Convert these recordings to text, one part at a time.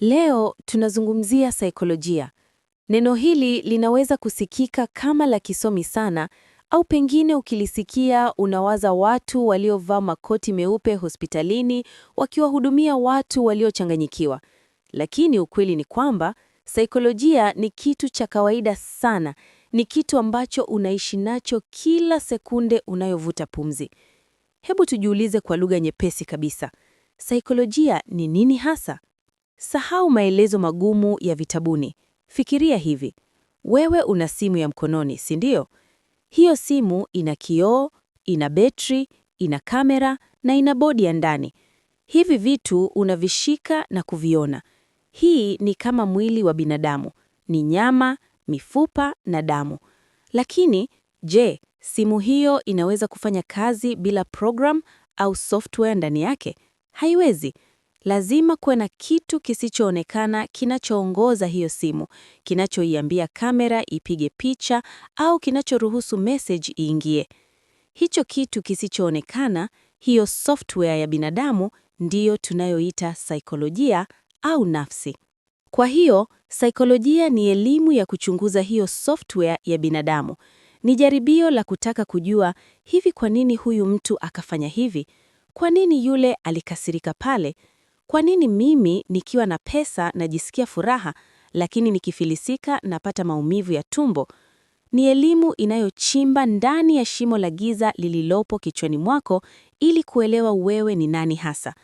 Leo tunazungumzia saikolojia. Neno hili linaweza kusikika kama la kisomi sana, au pengine ukilisikia unawaza watu waliovaa makoti meupe hospitalini wakiwahudumia watu waliochanganyikiwa. Lakini ukweli ni kwamba saikolojia ni kitu cha kawaida sana, ni kitu ambacho unaishi nacho kila sekunde unayovuta pumzi. Hebu tujiulize kwa lugha nyepesi kabisa, saikolojia ni nini hasa? Sahau maelezo magumu ya vitabuni. Fikiria hivi: wewe una simu ya mkononi, si ndio? Hiyo simu ina kioo, ina betri, ina kamera na ina bodi ya ndani. Hivi vitu unavishika na kuviona. Hii ni kama mwili wa binadamu, ni nyama, mifupa na damu. Lakini je, simu hiyo inaweza kufanya kazi bila program au software ndani yake? Haiwezi lazima kuwe na kitu kisichoonekana kinachoongoza hiyo simu, kinachoiambia kamera ipige picha au kinachoruhusu message iingie. Hicho kitu kisichoonekana, hiyo software ya binadamu, ndiyo tunayoita saikolojia au nafsi. Kwa hiyo saikolojia ni elimu ya kuchunguza hiyo software ya binadamu. Ni jaribio la kutaka kujua hivi, kwa nini huyu mtu akafanya hivi? Kwa nini yule alikasirika pale? Kwa nini mimi nikiwa na pesa najisikia furaha, lakini nikifilisika napata maumivu ya tumbo? Ni elimu inayochimba ndani ya shimo la giza lililopo kichwani mwako ili kuelewa wewe ni nani hasa.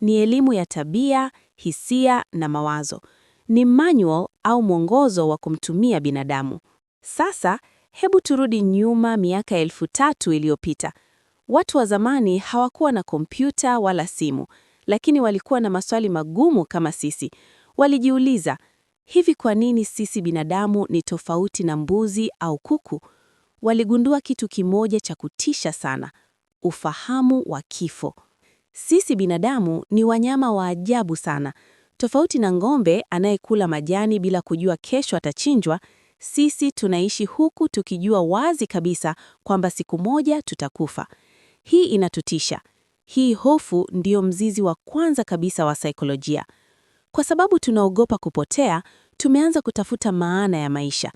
Ni elimu ya tabia, hisia na mawazo. Ni manual au mwongozo wa kumtumia binadamu. Sasa hebu turudi nyuma miaka elfu tatu iliyopita. Watu wa zamani hawakuwa na kompyuta wala simu lakini walikuwa na maswali magumu kama sisi. Walijiuliza, hivi kwa nini sisi binadamu ni tofauti na mbuzi au kuku? Waligundua kitu kimoja cha kutisha sana, ufahamu wa kifo. Sisi binadamu ni wanyama wa ajabu sana. Tofauti na ng'ombe anayekula majani bila kujua kesho atachinjwa, sisi tunaishi huku tukijua wazi kabisa kwamba siku moja tutakufa. Hii inatutisha, hii hofu ndiyo mzizi wa kwanza kabisa wa saikolojia. Kwa sababu tunaogopa kupotea, tumeanza kutafuta maana ya maisha.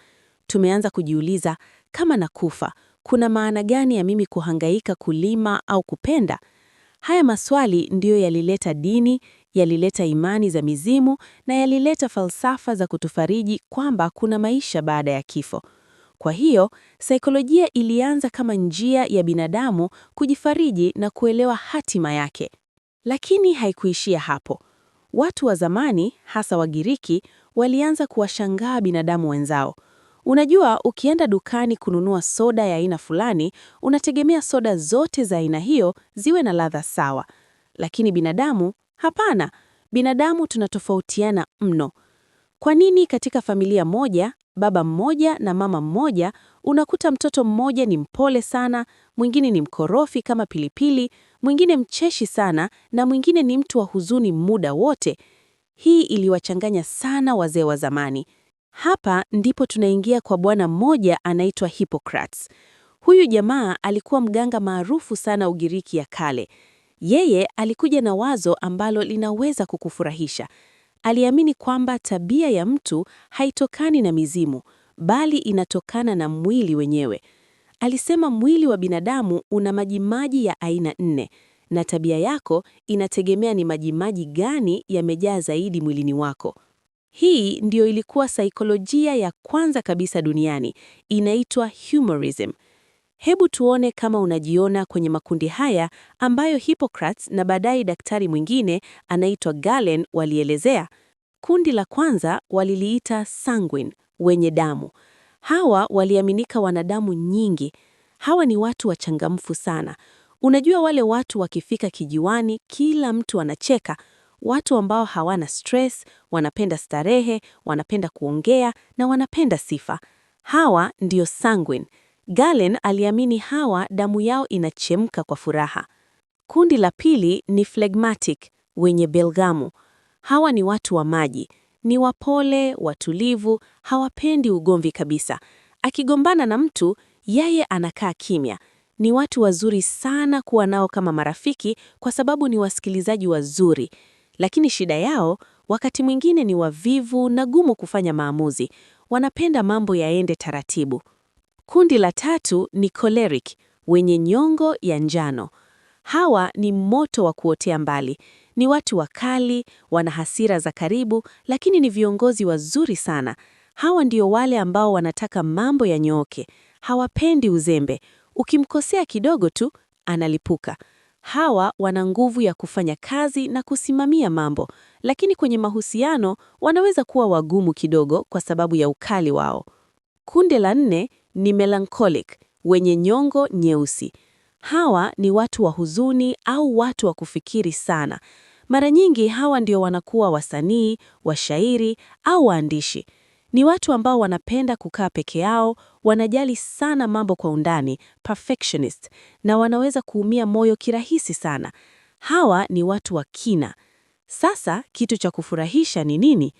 Tumeanza kujiuliza, kama nakufa, kuna maana gani ya mimi kuhangaika kulima au kupenda? Haya maswali ndiyo yalileta dini, yalileta imani za mizimu na yalileta falsafa za kutufariji kwamba kuna maisha baada ya kifo. Kwa hiyo, saikolojia ilianza kama njia ya binadamu kujifariji na kuelewa hatima yake. Lakini haikuishia hapo. Watu wa zamani, hasa Wagiriki, walianza kuwashangaa binadamu wenzao. Unajua, ukienda dukani kununua soda ya aina fulani, unategemea soda zote za aina hiyo ziwe na ladha sawa. Lakini binadamu, hapana. Binadamu tunatofautiana mno. Kwa nini katika familia moja baba mmoja na mama mmoja, unakuta mtoto mmoja ni mpole sana, mwingine ni mkorofi kama pilipili, mwingine mcheshi sana, na mwingine ni mtu wa huzuni muda wote. Hii iliwachanganya sana wazee wa zamani. Hapa ndipo tunaingia kwa bwana mmoja anaitwa Hippocrates. Huyu jamaa alikuwa mganga maarufu sana Ugiriki ya kale. Yeye alikuja na wazo ambalo linaweza kukufurahisha aliamini kwamba tabia ya mtu haitokani na mizimu, bali inatokana na mwili wenyewe. Alisema mwili wa binadamu una majimaji ya aina nne na tabia yako inategemea ni majimaji gani yamejaa zaidi mwilini wako. Hii ndiyo ilikuwa saikolojia ya kwanza kabisa duniani, inaitwa humorism. Hebu tuone kama unajiona kwenye makundi haya ambayo Hippocrates na baadaye daktari mwingine anaitwa Galen walielezea. Kundi la kwanza waliliita sanguine, wenye damu. Hawa waliaminika wana damu nyingi. Hawa ni watu wachangamfu sana. Unajua wale watu wakifika kijiwani, kila mtu anacheka, watu ambao hawana stress, wanapenda starehe, wanapenda kuongea na wanapenda sifa. Hawa ndio sanguine. Galen aliamini hawa damu yao inachemka kwa furaha. Kundi la pili ni phlegmatic, wenye belgamu. Hawa ni watu wa maji, ni wapole, watulivu, hawapendi ugomvi kabisa. Akigombana na mtu, yeye anakaa kimya. Ni watu wazuri sana kuwa nao kama marafiki kwa sababu ni wasikilizaji wazuri. Lakini shida yao wakati mwingine ni wavivu na gumu kufanya maamuzi. Wanapenda mambo yaende taratibu. Kundi la tatu ni choleric, wenye nyongo ya njano. Hawa ni moto wa kuotea mbali. Ni watu wakali, wana hasira za karibu, lakini ni viongozi wazuri sana. Hawa ndio wale ambao wanataka mambo yanyooke. Hawapendi uzembe. Ukimkosea kidogo tu, analipuka. Hawa wana nguvu ya kufanya kazi na kusimamia mambo, lakini kwenye mahusiano wanaweza kuwa wagumu kidogo kwa sababu ya ukali wao. Kundi la nne ni melancholic, wenye nyongo nyeusi. Hawa ni watu wa huzuni au watu wa kufikiri sana. Mara nyingi hawa ndio wanakuwa wasanii, washairi au waandishi. Ni watu ambao wanapenda kukaa peke yao, wanajali sana mambo kwa undani, perfectionist, na wanaweza kuumia moyo kirahisi sana. Hawa ni watu wa kina. Sasa kitu cha kufurahisha ni nini?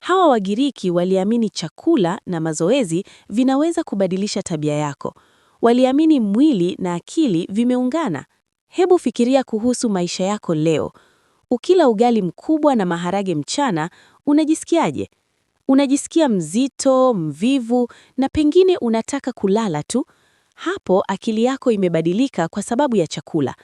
Hawa Wagiriki waliamini chakula na mazoezi vinaweza kubadilisha tabia yako. Waliamini mwili na akili vimeungana. Hebu fikiria kuhusu maisha yako leo. Ukila ugali mkubwa na maharage mchana, unajisikiaje? Unajisikia mzito, mvivu na pengine unataka kulala tu. Hapo akili yako imebadilika kwa sababu ya chakula.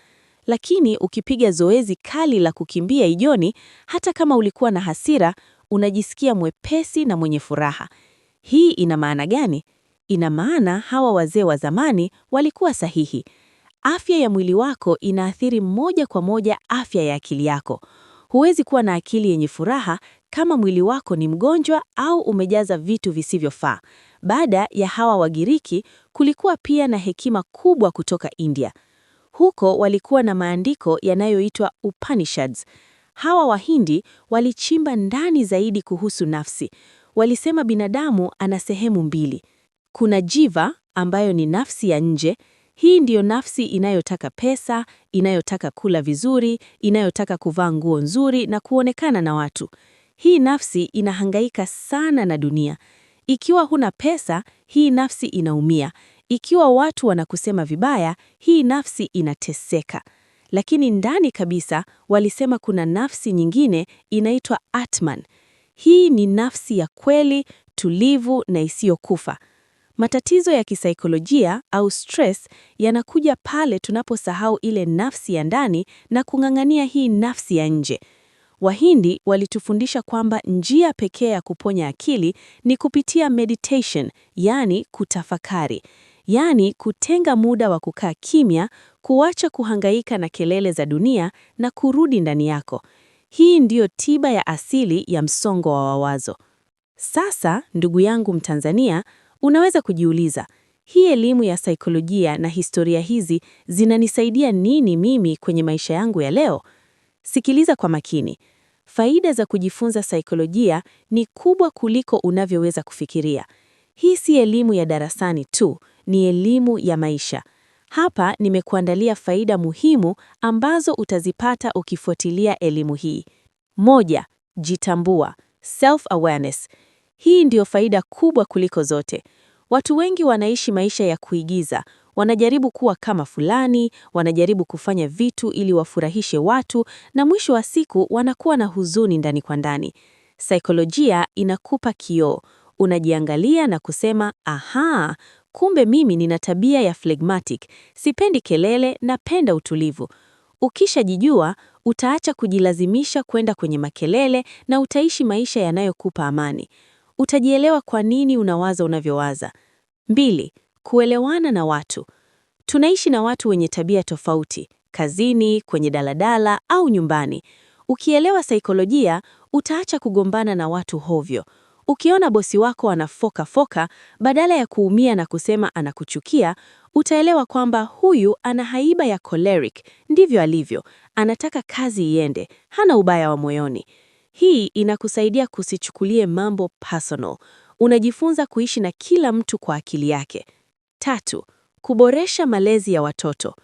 Lakini ukipiga zoezi kali la kukimbia jioni, hata kama ulikuwa na hasira, unajisikia mwepesi na mwenye furaha. Hii ina maana gani? Ina maana hawa wazee wa zamani walikuwa sahihi. Afya ya mwili wako inaathiri moja kwa moja afya ya akili yako. Huwezi kuwa na akili yenye furaha kama mwili wako ni mgonjwa au umejaza vitu visivyofaa. Baada ya hawa Wagiriki, kulikuwa pia na hekima kubwa kutoka India. Huko walikuwa na maandiko yanayoitwa Upanishads. Hawa Wahindi walichimba ndani zaidi kuhusu nafsi. Walisema binadamu ana sehemu mbili. Kuna jiva ambayo ni nafsi ya nje. Hii ndiyo nafsi inayotaka pesa, inayotaka kula vizuri, inayotaka kuvaa nguo nzuri na kuonekana na watu. Hii nafsi inahangaika sana na dunia. Ikiwa huna pesa, hii nafsi inaumia. Ikiwa watu wanakusema vibaya, hii nafsi inateseka lakini ndani kabisa walisema kuna nafsi nyingine inaitwa Atman. Hii ni nafsi ya kweli, tulivu na isiyokufa. Matatizo ya kisaikolojia au stress yanakuja pale tunaposahau ile nafsi ya ndani na kung'ang'ania hii nafsi ya nje. Wahindi walitufundisha kwamba njia pekee ya kuponya akili ni kupitia meditation, yaani kutafakari, yani kutenga muda wa kukaa kimya, kuacha kuhangaika na kelele za dunia na kurudi ndani yako. Hii ndiyo tiba ya asili ya msongo wa mawazo. Sasa, ndugu yangu Mtanzania, unaweza kujiuliza, hii elimu ya saikolojia na historia hizi zinanisaidia nini mimi kwenye maisha yangu ya leo? Sikiliza kwa makini. Faida za kujifunza saikolojia ni kubwa kuliko unavyoweza kufikiria. Hii si elimu ya darasani tu, ni elimu ya maisha. Hapa nimekuandalia faida muhimu ambazo utazipata ukifuatilia elimu hii. Moja, jitambua, self-awareness. Hii ndiyo faida kubwa kuliko zote. Watu wengi wanaishi maisha ya kuigiza, wanajaribu kuwa kama fulani, wanajaribu kufanya vitu ili wafurahishe watu, na mwisho wa siku wanakuwa na huzuni ndani kwa ndani. Saikolojia inakupa kioo, unajiangalia na kusema aha, kumbe mimi nina tabia ya phlegmatic, sipendi kelele, napenda utulivu. Ukishajijua utaacha kujilazimisha kwenda kwenye makelele na utaishi maisha yanayokupa amani. Utajielewa kwa nini unawaza unavyowaza. Mbili, kuelewana na watu. Tunaishi na watu wenye tabia tofauti, kazini, kwenye daladala au nyumbani. Ukielewa saikolojia, utaacha kugombana na watu hovyo. Ukiona bosi wako anafoka foka, badala ya kuumia na kusema anakuchukia, utaelewa kwamba huyu ana haiba ya choleric, ndivyo alivyo, anataka kazi iende, hana ubaya wa moyoni. Hii inakusaidia kusichukulie mambo personal. Unajifunza kuishi na kila mtu kwa akili yake. Tatu, kuboresha malezi ya watoto.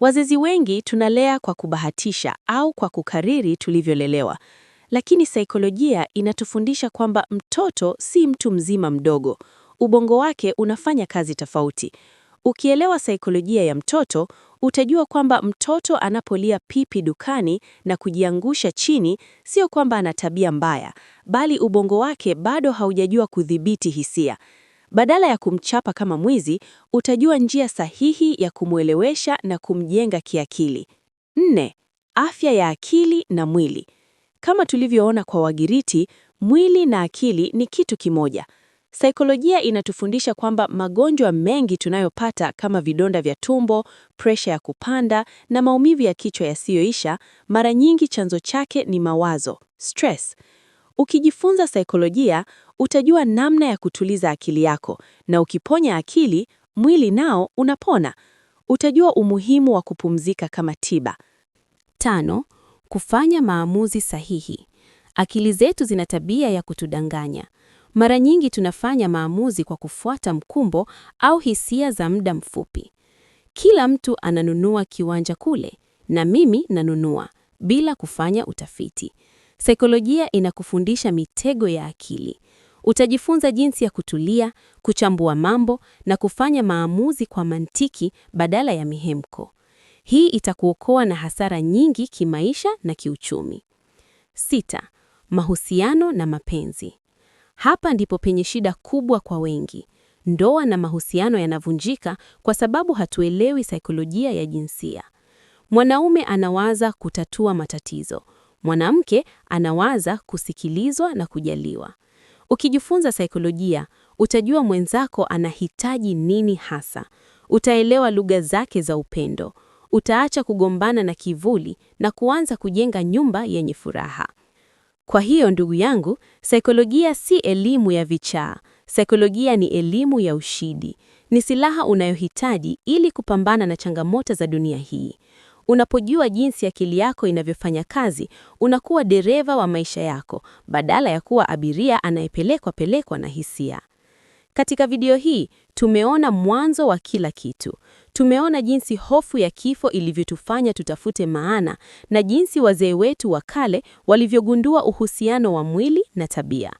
Wazazi wengi tunalea kwa kubahatisha au kwa kukariri tulivyolelewa. Lakini saikolojia inatufundisha kwamba mtoto si mtu mzima mdogo, ubongo wake unafanya kazi tofauti. Ukielewa saikolojia ya mtoto, utajua kwamba mtoto anapolia pipi dukani na kujiangusha chini, sio kwamba ana tabia mbaya, bali ubongo wake bado haujajua kudhibiti hisia. Badala ya kumchapa kama mwizi, utajua njia sahihi ya kumwelewesha na kumjenga kiakili. Nne, afya ya akili na mwili. Kama tulivyoona kwa Wagiriti, mwili na akili ni kitu kimoja. Saikolojia inatufundisha kwamba magonjwa mengi tunayopata kama vidonda vya tumbo, presha ya kupanda na maumivu ya kichwa yasiyoisha, mara nyingi chanzo chake ni mawazo, stress. Ukijifunza saikolojia, utajua namna ya kutuliza akili yako, na ukiponya akili, mwili nao unapona. Utajua umuhimu wa kupumzika kama tiba. Tano, kufanya maamuzi sahihi. Akili zetu zina tabia ya kutudanganya. Mara nyingi tunafanya maamuzi kwa kufuata mkumbo au hisia za muda mfupi. Kila mtu ananunua kiwanja kule na mimi nanunua bila kufanya utafiti. Saikolojia inakufundisha mitego ya akili. Utajifunza jinsi ya kutulia, kuchambua mambo na kufanya maamuzi kwa mantiki badala ya mihemko. Hii itakuokoa na hasara nyingi kimaisha na kiuchumi. Sita, mahusiano na mapenzi. Hapa ndipo penye shida kubwa kwa wengi. Ndoa na mahusiano yanavunjika kwa sababu hatuelewi saikolojia ya jinsia. Mwanaume anawaza kutatua matatizo, mwanamke anawaza kusikilizwa na kujaliwa. Ukijifunza saikolojia, utajua mwenzako anahitaji nini hasa. Utaelewa lugha zake za upendo, utaacha kugombana na kivuli na kuanza kujenga nyumba yenye furaha. Kwa hiyo ndugu yangu, saikolojia si elimu ya vichaa. Saikolojia ni elimu ya ushindi. Ni silaha unayohitaji ili kupambana na changamoto za dunia hii. Unapojua jinsi akili yako inavyofanya kazi, unakuwa dereva wa maisha yako badala ya kuwa abiria anayepelekwa pelekwa na hisia. Katika video hii tumeona mwanzo wa kila kitu. Tumeona jinsi hofu ya kifo ilivyotufanya tutafute maana na jinsi wazee wetu wa kale walivyogundua uhusiano wa mwili na tabia.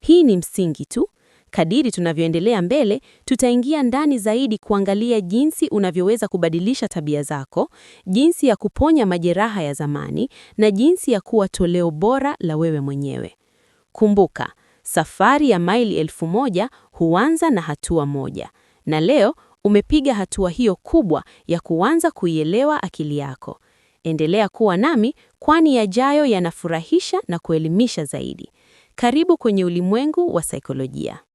Hii ni msingi tu. Kadiri tunavyoendelea mbele, tutaingia ndani zaidi kuangalia jinsi unavyoweza kubadilisha tabia zako, jinsi ya kuponya majeraha ya zamani na jinsi ya kuwa toleo bora la wewe mwenyewe. Kumbuka, Safari ya maili elfu moja huanza na hatua moja, na leo umepiga hatua hiyo kubwa ya kuanza kuielewa akili yako. Endelea kuwa nami, kwani yajayo yanafurahisha na kuelimisha zaidi. Karibu kwenye ulimwengu wa saikolojia.